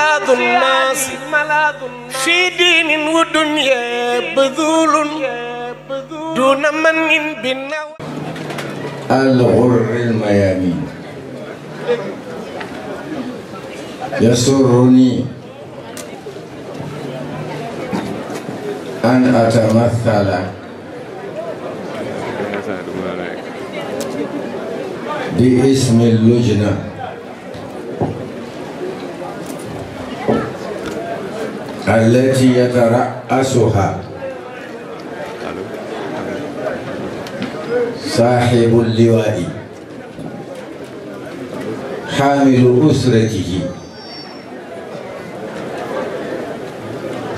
ملاذ الناس في دين ودنيا بذول دون من بالنوى الغر الميامين يسرني أن أتمثل باسم اللجنه التي يترأسها صاحب اللواء حامل أسرته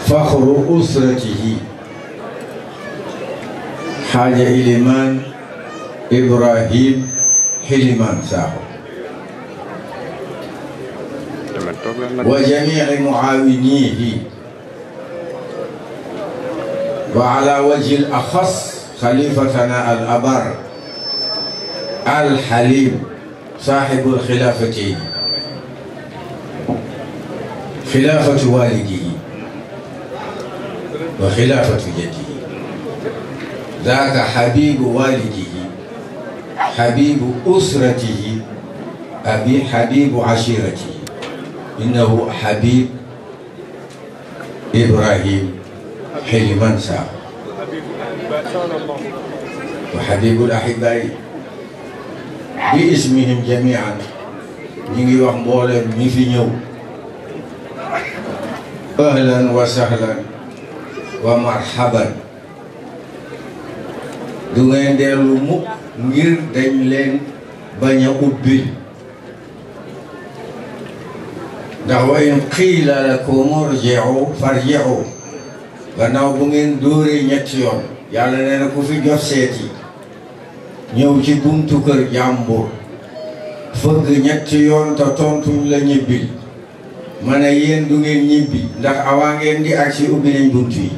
فخر أسرته حاج إليمان إبراهيم حلمان ساحو وجميع معاونيه wa ala wajhil axas xalifatana al abar al xalim saaxibul xilaafati xilaafati waalidihi wa xilaafati jaddihi daaka xabibu waalidihi xabibu usratihi abi xabibu ashiratihi innahu xabib ibrahim حين من سار وحبيب الأحباء باسمهم جميعا ñi ngi wax mbooleem ñi fi ñëw ahlan wa sahlan wa marhaban du ngeen dellu mukk ngir dañ leen bañ a ubbi ndax wa in qiila lakum irji'u farji'u gannaaw bu ngeen dóoree ñetti yoon yàlla nee na ku fi jot seeti ñëw ci buntu kër jàmbur fëgg ñetti yoon te tontuñ la ñibbil ma ne yéen du ngeen ñibbi ndax awaa ngeen di agsi ubbi nañ bunt yi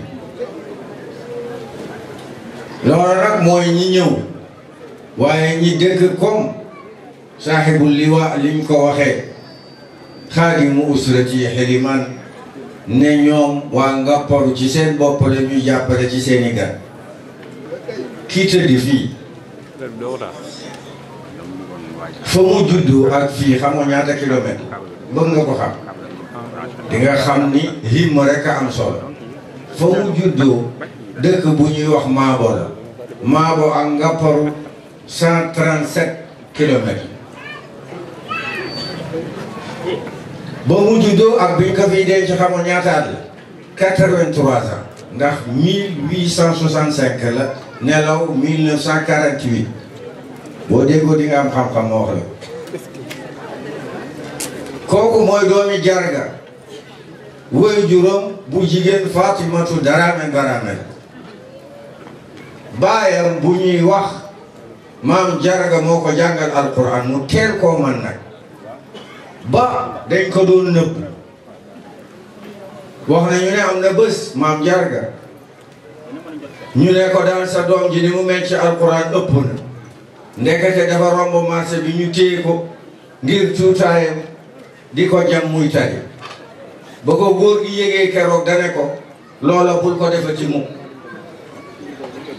loolu nag mooy ñi ñëw waaye ñi dëkk comme saaxibul liwa liñ ko waxee xaadimu usrati xeliman ne ñoom waa Ngapparu ci seen bopp la ñuy jàppale ci seeni gan kii tëdd fii fa mu juddu ak fii xam nga ñaata kilomètre bëgg nga ko xam di nga xam ni himma rek a am solo fa mu juddoo dëkk bu ñuy wax Maabo la Maabo ak Ngapparu 137 kilomètres ba mu juddoo ak bi ñu ko denc xamoon ñaata at ndax la nelaw 1948 déggoo di am xam-xam moo la kooku mooy doomi jarga woy juróom bu jigéen Fatimatu Darame Barame baayam bu ñuy wax maam jarga moo ko jàngal alquran mu teel koo man nag ba dañ ko doon nëbb wax nañu ne am na bés maam jarga ñu ne ko daal sa doom ji ni mu mel ci alquran ëpp na ndekete dafa romb marché bi ñu téye ko ngir tuutaayam di ko jam muy tari ba ko góor gi yégee keroog dane ko loola bul ko defe ci mukk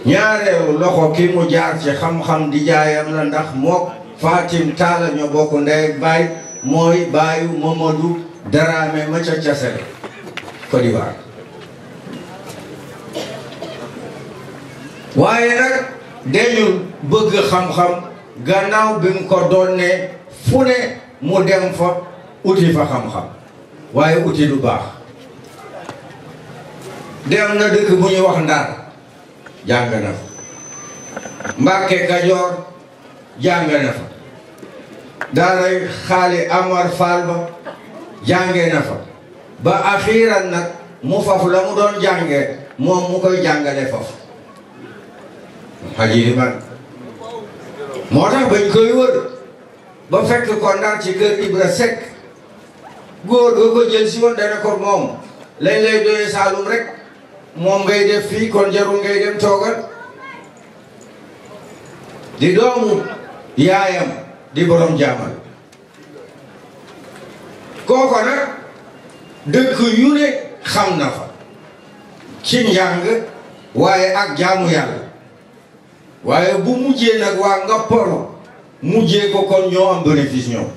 ñaareelu loxo ki mu jaar ci xam-xam di jaayam la ndax mook Fatim Taala ñoo bokk ndey baay mooy baayu Mamadou Dramé ma ca Thiassel Côte d'Ivoire waaye nag dañu bëgg xam-xam gannaaw bi mu ko doon ne fu ne mu dem fa uti fa xam-xam waaye uti lu baax dem na dëkk bu ñuy wax Ndar jàng na fa Mbàkke Kajoor jàng na fa daaray xaali Amar Fall ba jàngee na fa ba axiiran nag mu faf la mu doon jàngee moom mu koy jàngale faf xaj yi man moo tax bañ koy wër ba fekk ko ndar ci kër Ibra Seck góor ga ko jël si woon dana ko moom lañ lay doyee Saalum rek moom ngay def fii kon jarul ngay dem toogal di doomu yaayam di borom jaamal kooko nag dëkk yu ne xam na fa ci njàng waaye ak jaamu yàlla waaye bu mujjee nag waa nga poro mujjee ko kon ñoo am bénéfice ñoom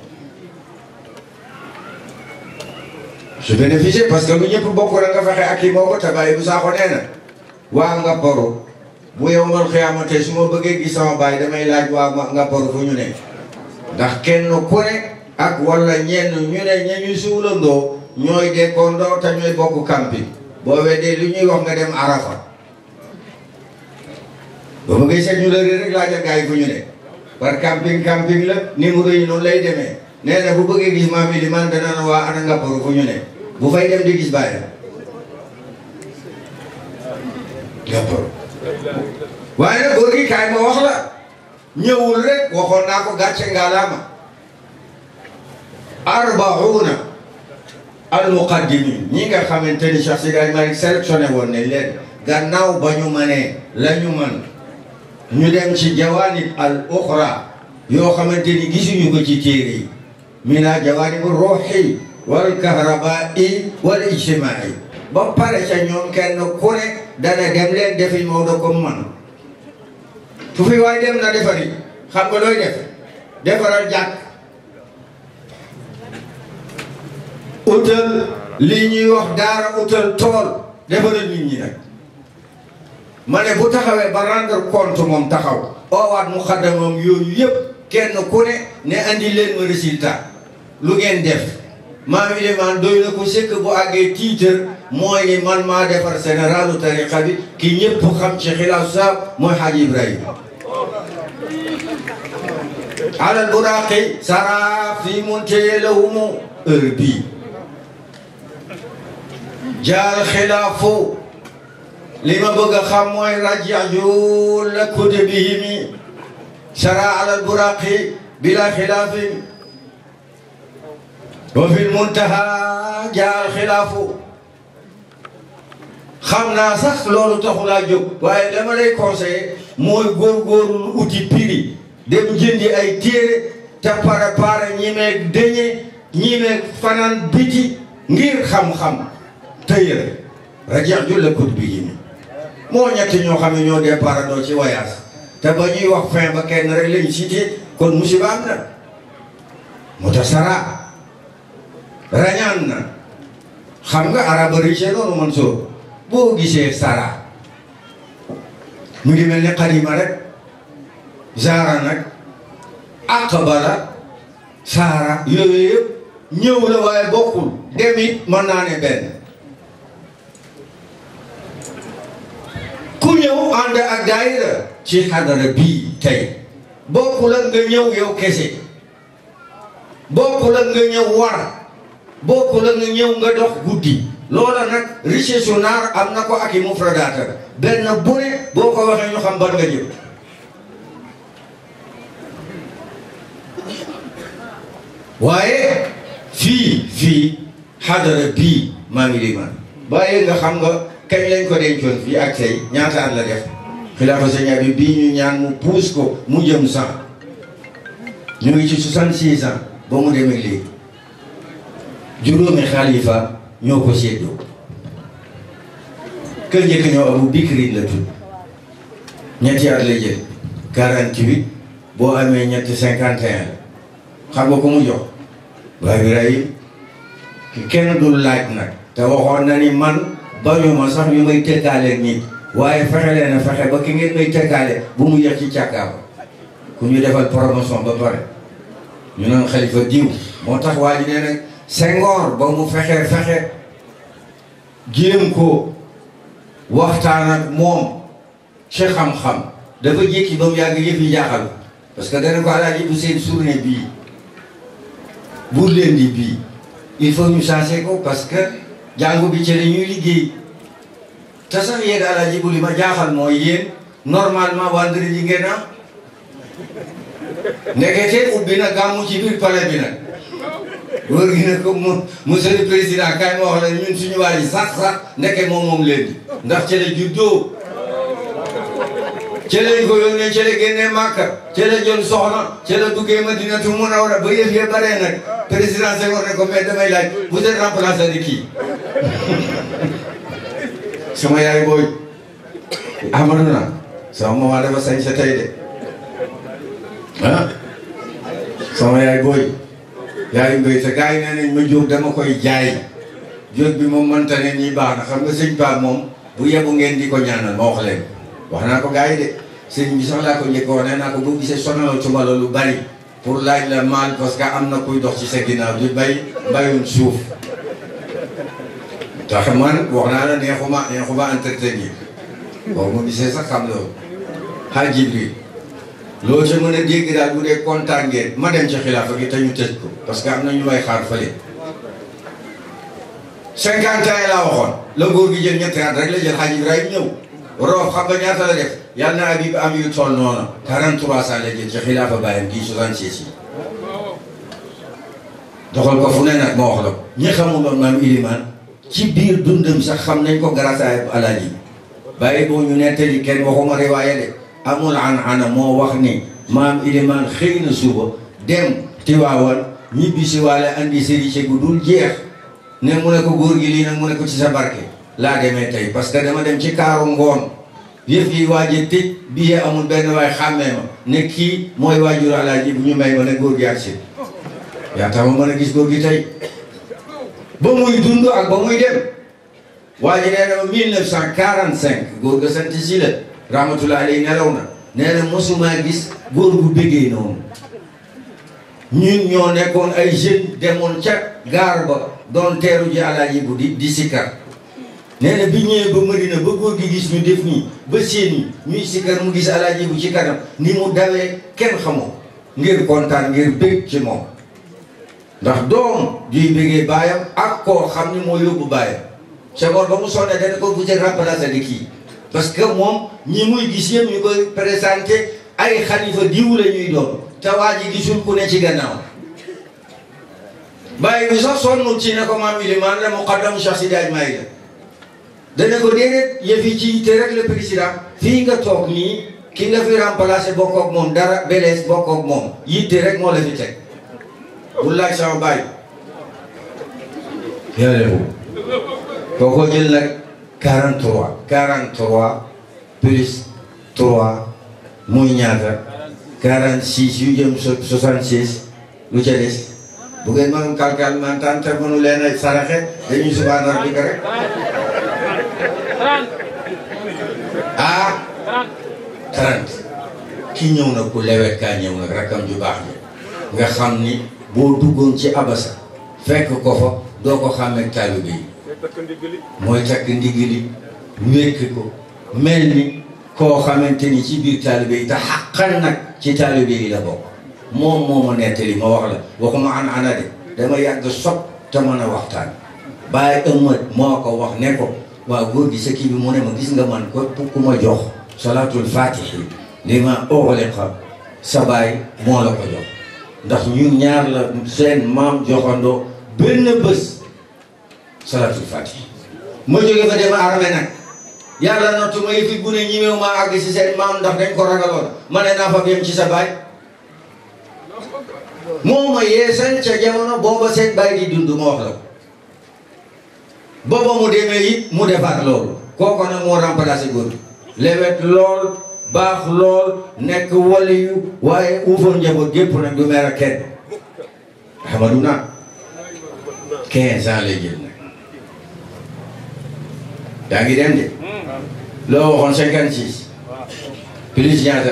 su bénéficié parce que lu ñëpp bokk na nga fexe ak yi moo ko tabaay bu saako nee na waa nga poro bu yow mal xiyaamate su ma bëggee gis sama baay damay laaj waa nga poro fu ñu ne ndax kenn ku ne ak wala ñenn ñu ne ñañu suulandoo ñooy dekkoondoo te ñooy bokk kampi boo weddee lu ñuy wax nga dem arafa ba mu ngi seet ñu la rek laajal gars yi fu ñu par camping camping la numéro yi noonu lay demee nee na bu bëggee gis maam yi li man dana na waa ana ngapparu fu ñu bu fay dem di gis bàyyi ngapparu waaye nag góor gi kaay ma wax la ñëwul rek waxoon naa ko gàcce ngaalaama arbauna al muqaddimin ñi nga xamante ni Cheikh Sidaay Malick sélectionné woon nañ leen gannaaw ba ñu mënee la ñu mën ñu dem ci jawaanib al uxra yoo xamante ni gisuñu ko ci téere yi mina jawaanibu ruuxi wal kahrabai wal ijtimaai ba pare ca ñoom kenn ku ne dana dem leen defi Maodo comme man fu fi waay dem na defari xam nga looy def defaral jàkk utal lii ñuy wax daara utal tool defaral nit ñi nag ma ne bu taxawee ba rendre compte moom taxaw oowaat mu xaddamoom yooyu yëpp kenn ku ne ne andi leen ma résultat lu ngeen def maa mi limaan doy na ko sëkk bu àggee tiitër mooy ni man maa defar sénéralu tariqa ki ñëpp xam ci xilaasu saab mooy Hadj Ibrahima alal buraaqi sara fi muntahi lahumu heure bii jaar xilaafu li ma bëgg xam mooy rajo la côté bii mi alal buraaqi bila xilaafi wa fi muntaha jaar xilaafu xam naa sax loolu taxul a jóg waaye dama lay conseillé mooy góorgóorlu uti piri dem jëndi ay téere te préparé ñi meeg dëñe ñi meeg fanaan biti ngir xam-xam tëyër rajeex ju lëkkut bi yi mi moo ñetti ñoo xam ne ñoo départ doo ci voyage te ba ñuy wax fin ba kenn rek lañ cité kon musiba am na mu tasara rañaan na xam nga araba riche noonu man soo boo gisee sara mu ngi mel ne xarima rek zaara nag aqbala saara yooyu yëpp ñëw la waaye bokkul dem it mën naa ne benn ku ñëw ànd ak daayira ci xadara bii tey bokkul ak nga ñëw yow kese bokkul ak nga ñëw war bokkul ak nga ñëw nga dox guddi loola nag richesse su naar am na ko ak i mufradaata benn bu boo ko waxee ñu xam ban nga jëm waaye fii fii xadara bii maa ngi limaan bàyyi nga xam nga kañ lañ ko dencoon fii ak tey ñaata la def xilaafa saña bi bii ñu ñaan mu puus ko mu jëm cent ñu ngi ci soixante-six ans ba mu demee léegi juróomi xalifa ñoo ko séddoo kër njëkk ñëw abu bikrin la tudd ñetti at la jël boo amee ñetti cinquante et xam nga ko mu jox waaye bi ray ki kenn dul laaj nag te waxoon na ni man bañuma sax ñu may tëkkaale nii waaye fexe leen fexe ba ki ngeen may tëkkaale bu mu yëg ci càkkaaba ku ñu defal promotion ba pare ñu naan xalifa diw moo tax waa ji nee nag Senghor ba mu fexee fexe jéem ko waxtaan ak moom ci xam-xam dafa jékki ba mu yàgg yëf yi jaaxal parce que dana ko alaaji seen journée bii buur leen di bii il faut ñu changé ko parce que jàngu bi ci ñuy liggéey te sax yéen alaaji bu li ma jaaxal mooy yéen normalement vendredi ngeen am ndekete ubbi na gàmmu ci biir palais bi nag wóor gi ne ko mu monsieur président kaay ma wax la ñun suñu waa sax sax ndeke moom moom leen di ndax ci juddoo ci lañ ko yónnee ci la génnee Màkka ci la jël soxna ci la duggee Madinatu Munawwara ba yëf ya bare nag président Senghor ne ko mais damay laaj vous êtes remplacé de kii sama yaay booy Amadou na sama maman dafa sañ sa tey de ah sama yaay ma jóg dama koy jaay jóg bi moom mënta ne nii baax na xam nga sëñ bu yebu ngeen di ko ñaanal ma wax leen wax naa ko gars yi de sëñ bi sax laa ko njëkkoon nee naa ko boo gisee sonal ci wàllu lu bari pour laaj la maal parce que am na kuy dox ci sa ginnaaw di bay bayum suuf. tax man wax naa la neexuma neexuma entretenir boo ma gisee sax xam loolu xaaj Jibril loo ci mën a dégg daal bu dee kontaan ngeen ma dem ci xilaafa gi te ñu tëj ko parce am na ñu may xaar fële. cinquante ans laa waxoon la góor gi jël ñetti at rek la jël xaaj Ibrahima ñëw. roof xam nga ñaata la def yal na Habib am yu toll noonu 43 saa jël ci xilaafa bàyyam gi 66 yi doxal ko fu ne nag ma wax la ñi xamuloon maam Ilimaan ci biir dundam sax xam nañ ko grâce à Alaaji bàyyi boo ñu nettali kenn waxuma riwaaya de amul an ana moo wax ni maam Ilimaan xëy na suba dem Tiwaawan ñibbi si waale andi sëriñ gu dul jeex ne mu ne ko góor gi lii nag mu ne ko ci sa barke laa demee tey parce que dama dem ci kaaru ngoon yëf yi waaje tëj bi yee amul benn waay xàmmee ma mooy waajur alaaji ñu may ma ne góor gi ak yaa tax mën a gis góor gi tey ba muy dund ak ba muy dem waa nee na ma 1945 gis góor gu bëggee noonu ñun ñoo nekkoon ay jeunes demoon ca gaar ba doon teeru ji alaaji di sikkar nee bi ñëwee ba Marina ba góor gi gis ñu def nii ba seen yi ñuy sikkar mu gis alaaji bu ci kanam ni mu dawee kenn xamoo ngir kontaan ngir bég ci moom ndax doom juy bégee baayam ak koo xam ni moo yóbbu baayam Senghor ba mu sonnee dana ko gujjee remplacé di kii parce que moom ñi muy gis yëpp ñu koy présenté ay xalifa diw la ñuy doon te waa ji gisul ku ne ci gannaaw bàyyi bi sax sonnul ci ne ko maam Ilimaan la muqaddam Cheikh Sidi Ajmaay la dana ko déedéet yëf ci te rek le président fii nga toog nii ki nga fi remplacé bokkoog moom dara belees bokkoog moom yitte rek moo la fi teg bu laaj sama bàyyi yàlla boo ko jël nag 43 43 plus 3 muy ñaata 46 yu jëm 66 lu ca bu ngeen mënoon calcul man te mënu leen a saraxe dañuy subaa ndax bi rek. ah. 30 ki ñëw na ku lewetkaa ñëw nag rakkam ju baax ni nga xam ni boo duggoon ci abasa fekk ko fa doo ko xàmmeeg taalibe yi mooy takk ndigili wékk ko mel ni koo xamante ni ci biir taalibe yi te xaqal nag ci taalibe yi la bokk moom moo ma nettali ma wax la waxuma an ana de dama yàgg sob te mën a waxtaan bàyyi ëmmat moo ko wax ne ko waaw góor gi sa kii bi mu ne ma gis nga man ko ku ma jox salaatul faatihi li ma ughliqa sa baay moo la ko jox ndax ñun ñaar la seen maam joxandoo benn bés salaatul faatihi ma jóge fa dem arame nag yàlla nattu ma yëfit bu ne ñimew ma àgg si seen maam ndax dañ ko ragaloon ma ne naa fa yem ci sa baay moo ma yeesal ca jamono booba seen baay di dund ma wax la booba mu demee it mu defaat loolu kooku moo remplacé góor lewet lool baax lool nekk waliyu waaye uufoon njaboot gépp nag du meer a kenn xamadu naa quinze ans lay nag yaa dem de loo waxoon cinquante six plus ñaata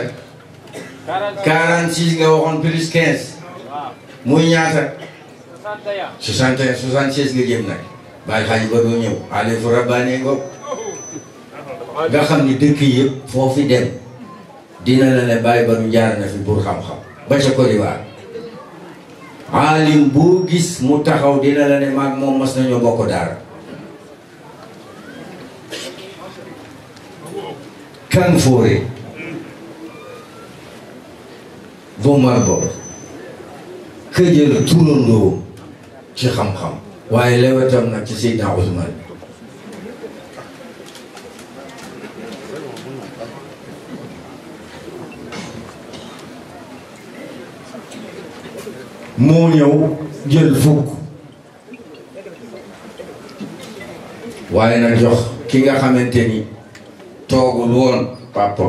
quarante six nga waxoon plus quinze muy ñaata soixante et un nga jëm nag bàyyi xaaj ba doo ñëw aalifu rabbaani ngoog nga xam ni dëkk yëpp foo dem dina la ne bàyyi ba nu jaar na fi buur xam-xam ba ca Côte d'Ivoire aalim boo gis mu taxaw dina la ne maag moom mas nañoo bokk daara kan fóore bu mar bo këjël turandoo ci xam-xam waaye lewetam nag ci Seydina Ousmane moo ñëw jël fukk waaye nag jox ki nga xamante ni toogul woon papa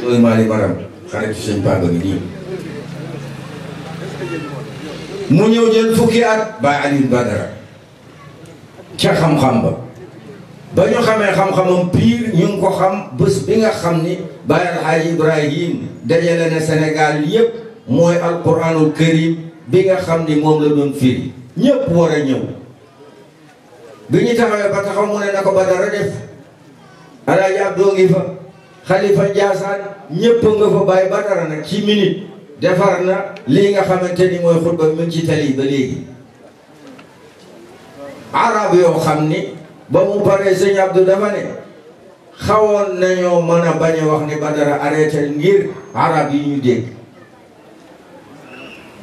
loolu maa li maram xarit sëñ Bamba ngi nii mu ñëw jël fukki at Baye Alioune Badara ca xam-xam ba ba ñu xamee xam-xamam pire ñu ngi ko xam bés bi nga xam ni Baye Alhaji Ibrahim dajale na Sénégal yépp mooy alquranul karim bi nga xam ni moom la doon firi ñépp war a ñëw bi ñu taxawee ba taxaw mu ne na ko Badara def Alaaji Abdoo ngi fa xalifa Njaasaan ñépp nga fa Baye Badara nag ci minute defar na lii nga xamante ni mooy xutba mi ci tali léegi arab yoo xam ni ba mu paree sëñ Abdou dafa ne xawoon nañoo mën a bañ wax ni Badara arrêté ngir arab yi ñu dégg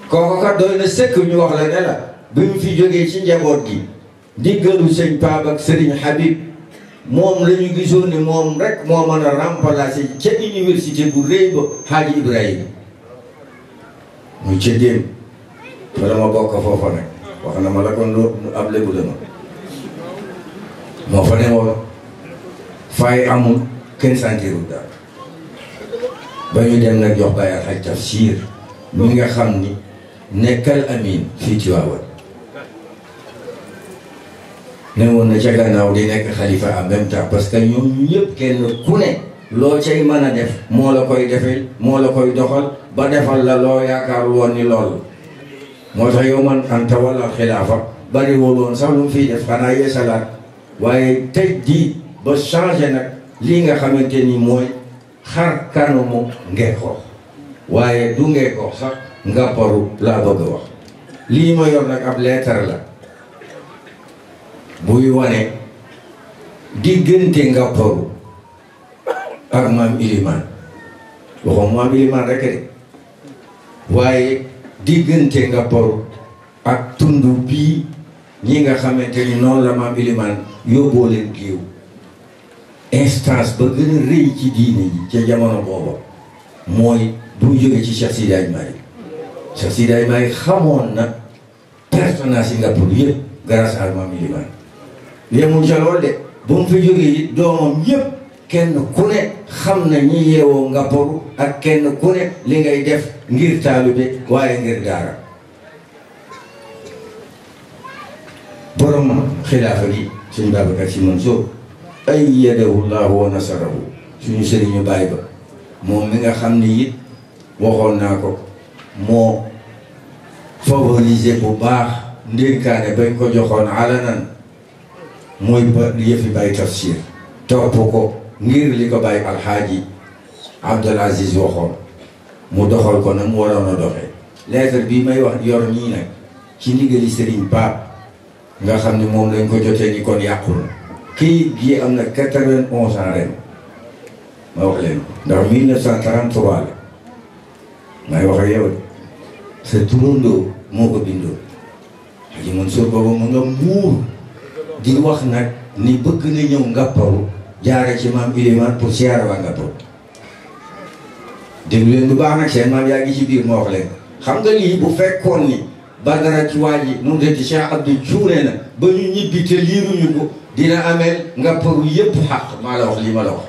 kooku kat doy na sëkk ñu wax la ne la bi mu fi jógee ci njaboot gi diggalu sëñ Paab sëriñ Habib moom lañu ñu gisoon ni moom rek moo mën a remplacer ca université bu rëy ba Hadji Ibrahima mu ngi cee déen ma dama bokk foofa nag wax na ma la kon loolu ab lébu la moo fa ne woon fay amul kenn santiirul daal ba ñu dem nag jox bàyyi alxaj tafsir mi nga xam ni nekkal amin fii ci ne woon na ca gannaaw di nekk xalifa en même parce que ñoom ñëpp kenn ku ne loo cay mën a def moo la koy defee moo la koy doxal ba defal la loo yaakaar woon ni lool moo tax yow man anta wala xilaafa bari woon sax lu mu fiy def xanaa yeesalaat waaye tey jii ba changé nag lii nga xamante ni mooy xar kanamu ngeekoo waaye du ngeekoo sax nga laa bëgg a wax lii ma yor nag ab leetar la buy wane diggante nga paru ak maam iliman waxoon maam iliman rek de waaye diggante nga por ak tund bii ñi nga xamante ni noonu la maam ilimaan yóbboo leen géew instance ba gën a rëy ci diini ji ca jamono booba mooy bu mu jógee ci Cheikh Sidi Hadj Malick Cheikh Sidi xamoon na personnage yi nga pour yëpp grâce à maam ilimaan yemul ca de ba mu fa jógee yi doomam yëpp kenn ku ne xam na ñi yeewoo nga poru ak kenn ku ne li ngay def ngir taalibe waaye ngir daara borom xilaafa gi suñ Babacar Sy Mansour ayyadahu llahu wa nasarahu suñu sëriñu baay ba moom mi nga xam ni it waxoon naa ko moo favoriser bu baax ndénkaane bañ ko joxoon alanan mooy ba yëfi bay tafsir topp ko ngir li ko bàyyi alxaaji Abdel Aziz waxoon mu doxal ko nag mu waroon a doxee lettre bi may wax yor nii nag ci ndigali Serigne Ba nga xam ni moom lañ ko jotee ni kon yàqu na kii am na quatre-vingt-onze ans ren ma wax leen ndax mille neuf cent trente-trois may wax ak yow sa turandoo moo ko bindoo Hadji Mansour booba mu nga muur di wax nag ni bëgg na ñëw ngàpparu jaare ci maam Iliman pour siyaare waa ngàpparu déglu leen bu baax nag seen maam yaa ngi ci biir moo wax leen xam nga lii bu fekkoon ni Badara ci waa ji nu mu def ci Cheikh Abdou juune na ba ñu ñibbi te liiruñu ko dina ameel nga paru yépp xaq maa la wax lii ma la wax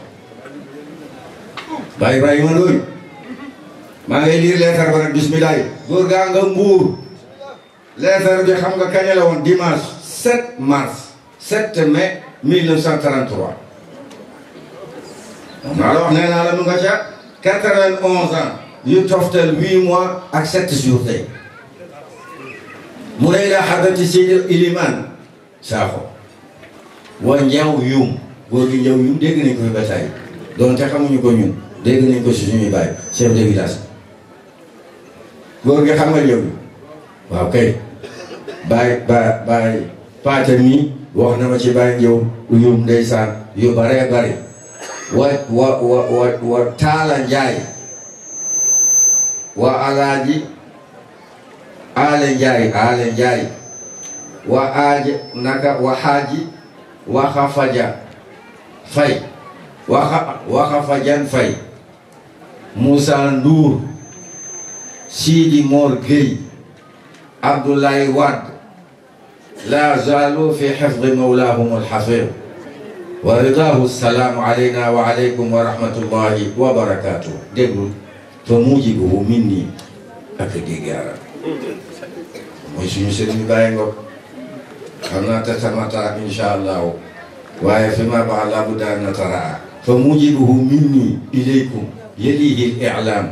Baye Ibrahima Ndoye maa ngay liir leetar ba nag bismillah góor gaa nga mbuur leetar bi xam nga kañ la woon dimanche 7 mars 7 mai 1933 maa la wax nee naa la mu nga ca quatre vingt yu toftal huit mois ak sept jours tey mu ne daa xadati Seydi Iliman Sakho wa njaw yum góor gi njaw yum dégg nañ ko fi bataay doonte xamuñu ko ñun dégg nañ ko si suñuy baay chef de village góor gi xam nga njaw yu waaw kay baay baay baay paata mi wax na ma ci baay njaw yum ndeysaan yu bare bare wa wa wa wa Taala Njaay wa alaaji ale Njaay ale Njaay wa aaje naka wa xaaji wa xafaja fay wa xafajan fay Moussa Ndour Sidi Mor Gueye Abdoulaye Wade la zaalu fi xifdi mawlaahum alxafiir wa ridaahu salaamu alayna wa alaykum wa rahmatullahi wa barakaatu déglu fa mujibuhu min nii ak dégg arab mooy suñu sëriñ bàyyi ngoog xam naa tatamata insha allahu waaye fi ma baax laa bu daan nataraa fa mujibuhu min nii ilaykum yalihi al i'laam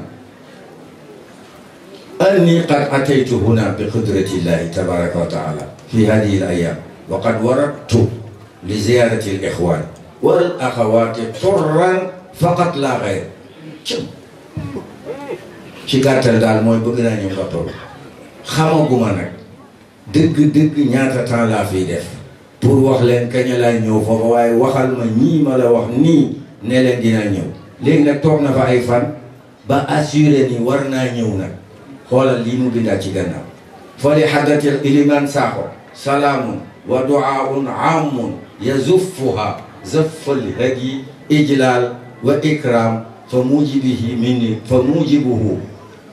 أني قد أتيت هنا بقدرة الله تبارك وتعالى في هذه الأيام وقد ورقت li ziyaarati al ixwaan wal axawaati turran faqat laa xayr ci gàttal daal mooy bëgg naa ñu nga toll xamaguma nag dëgg dëgg ñaata temps laa def pour wax leen kañ laay ñëw foofa waaye waxal ma ñii ma la wax nii ne leen dinaa ñëw léegi nag toog na fa ay fan ba assuré ni war naa ñëw nag xoolal lii mu bindaat ci gannaaw fa li xadatil iliman salaamun wa duaaun aamun يزفها زف الهدي إجلال وإكرام فموجبه مني فموجبه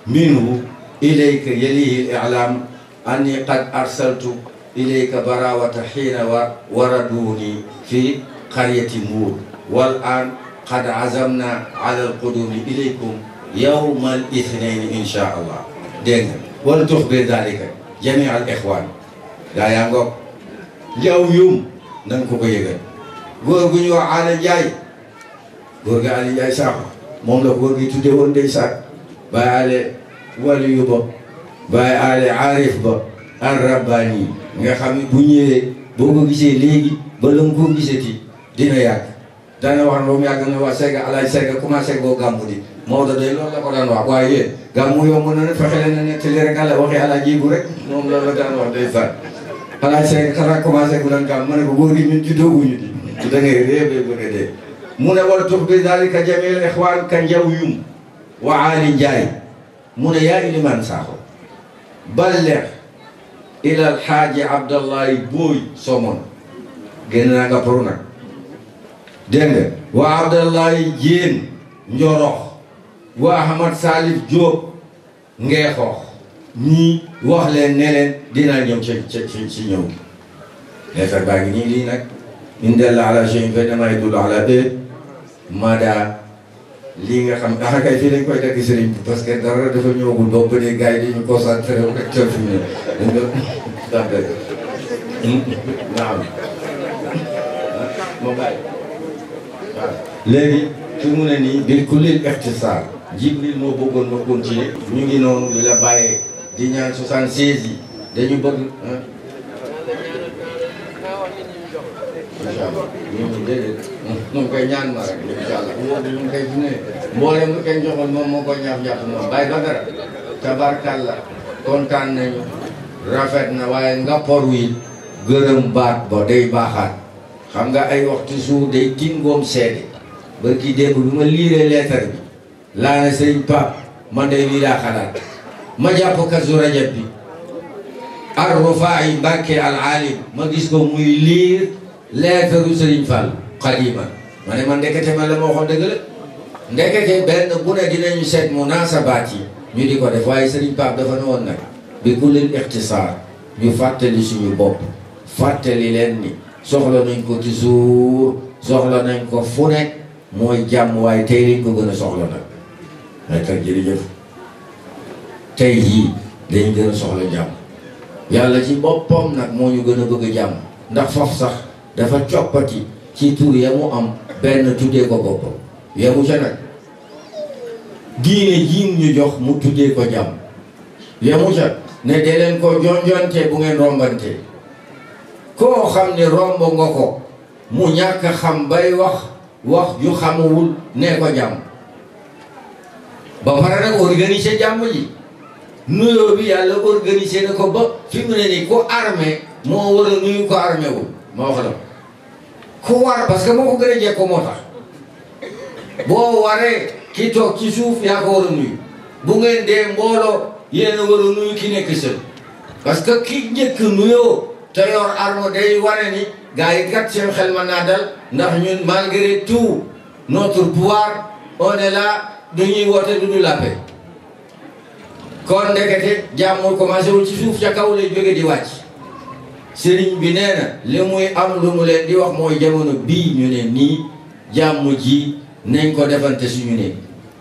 منه إليك يليه الإعلام أني قد أرسلت إليك براوة حين وردوني في قرية مود والآن قد عزمنا على القدوم إليكم يوم الاثنين إن شاء الله دين ولتخبر ذلك جميع الإخوان لا ينقب اليوم na ko ko yëgal góor gu ñu wax Aala Njaay góor gi Aala Njaay Sakho moom la góor gi tuddee woon day saak bàyyi aale waliyu ba bàyyi aale aarif ba ar nga xam ne bu ñëwee boo ko gisee léegi ba la nga koo gisati dina yàgg dana wax ne ba mu yàgg na wax Sega alaaj Sega commencé koo gàmmu di Maodo day loolu la ko daan wax waaye yéen gàmmu yomb na ne fexe leen ne nettali rek àlla waxee alaaj yi bu rek moom loolu la daan wax day far xanaa seen xanaa commencé ku doon gàmm ma ne ko góor di. su da ngay réer day bëgg dee. mu ne tux bi dalika jamil ixwaan ka njaw yum wa aali njaay mu yaa iliman saaxo balleex ilal xaaji abdallahi booy somon génn naa nga pour nag dégg nga abdallahi jéen njorox wa ahmad salif jóob ngeexoox ñii wax leen ne leen dinaa ñëw ci ci ci ñëw neefar baa ngi nii lii nag in dalla ala shay'in fa innamaa yadullu ala bee maada lii nga xam axakay ah, fii lañ koy dagg sëriñ parce que dara dafa ñëwagul ba mu bëri gars yi dañu concentré wu rek ne dañ ko tàmbale naam ma ne nii bi kulli ixtisaar Jibril moo bëggoon ma continuer ñu ngi noonu di la bàyyee di ñaan 76 yi dañu bëgg incha allah koy ñaan ma rek incha allah ñu ngi koy fi ne mboolem koy joxoon moom moo koy ñaaf ñaaf moom bàyyi ba dara tabarkàlla kontaan nañu rafet na waaye nga por wi gërëm baat ba day baaxaat xam nga ay waxtu suuf day tingoom seede ba kii démb bi ma liiree leetar bi laa ne sëriñ Pape man day lii laa xalaat ma jàpp kasu rajab bi ar rufaay Mbàkke ma gis ko muy liir leetaru sëriñ Fall xadiman ma ne man ndekete man la ma waxoon dëgg la ndekete benn bu ne dinañu seet munaasabaat yi ñu di ko def waaye sëriñ Pape dafa ne woon nag bi kullil ixtisaar ñu fàttali suñu bopp fàttali leen ni soxla nañ ko toujours soxla nañ ko fu nekk mooy jàmm waaye tey lañ ko gën a soxla nag aykat jërëjëf tey jii dañu gën a soxla jàmm yàlla ci boppam nag moo ñu gën a bëgg jàmm ndax faf sax dafa coppati ci tur ya mu am benn tuddee ko boppam yemu ca nag diine jii ñu jox mu tuddee ko jàmm yemu ca ne dee leen ko jonjonte bu ngeen rombante koo xam ne romb nga ko mu ñàkk xam bay wax wax yu xamuwul ne ko jàmm ba pare nag organiser jàmm ji nuyoo bi na ko ba fi mu ne ko armée moo war a nuyu ko armée wu ma wax la ku parce que moo ko gën a jekko moo boo waree ki toog ci suuf yaa ko war nuyu bu ngeen dee mbooloo yéen a war nuyu ki nekk sël parce que ki njëkk nuyoo te yor arme day ni gars yi kat xel mën naa dal ndax ñun malgré tout notre pouvoir on est là dañuy woote du ñu làppe kon ndekete jàmmul commencé wul ci suuf ca kaw lay jóge di wàcc sëriñ bi nee na li muy am lu mu leen di wax mooy jamono bii ñu ne nii jàmm ji nañ ko defante suñu ne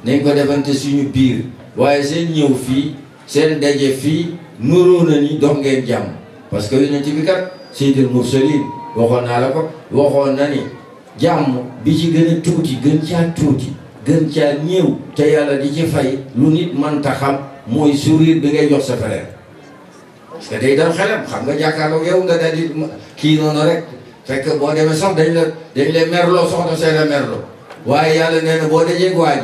nañ ko defante suñu biir waaye seen ñëw fii seen daje fii nuroo na ni dox ngeen jàmm parce que yonent bi kat sayyidul mursalin waxoon naa la ko waxoon na ni jàmm bi ci gën a tuuti gën caa tuuti gën caa ñëw te yàlla di ci fay lu nit mënta xam mooy sourire bi ngay jox sa frère parce que day dal xelam xam nga jàkkaarloo yow nga daal di kii noonu rek fekk boo demee sax dañ la dañ la merloo soxna see la merloo waaye yàlla nee na boo dajeeg waa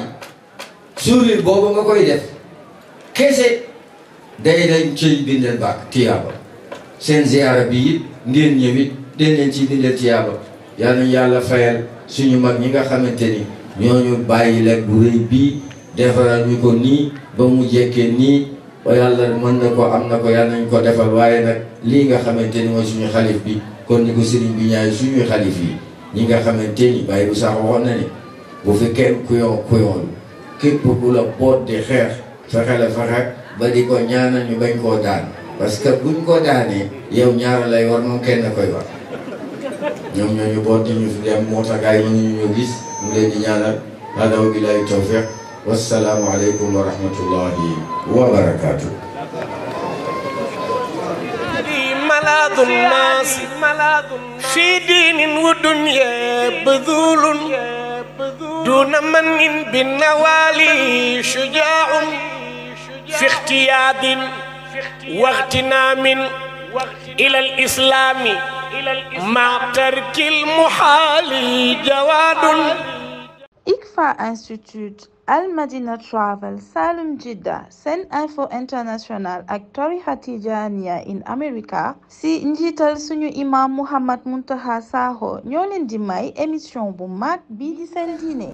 ji boobu nga koy def kese day dañ cëy bindal baak tiyaaba seen ziyaara bi it ngeen ñëw it dañ leen ciy bindal tiyaaba yàlla ñu yàlla fayal suñu mag ñi nga xamante ni ñooñu bàyyi lekk bu rëy bii defaral ñu ko nii ba mu jekkee nii yàlla mën na ko am na ko yàlla nañ ko defal waaye nag lii nga xamante ni mooy suñu xalif bi kon ni ko sëriñ bi ñaay suñuy xalif yi ñi nga xamante ni bàyyi bu sax waxoon na ni bu fi kenn kuyoon kuyoon képp ku la boot di xeex fexe la fexe ba di ko ñaanal ñu bañ koo daan parce que buñ ko daanee yow ñaara lay war moom kenn koy war ñoom ñoo ñu boot ñu fi dem moo tax gars ñu ñu gis. mu ngi leen di ñaanal hada wa billahi tawfiq wassalaamu aleykum wa rahmatullahi wa barakaatu ملاذ الناس في دين ودنيا بذول دون من بالنوالي شجاع في اختياد واغتنام إلى الإسلام مع ترك المحال جواد ICFA Institute Al Madina Travel Salum seen SeneInfo International ak tarixa Tijaaniya in America si njiital suñu imam Mouhammad Muntaqa Sakho ñoo leen di may émission bu mag bii di seen diine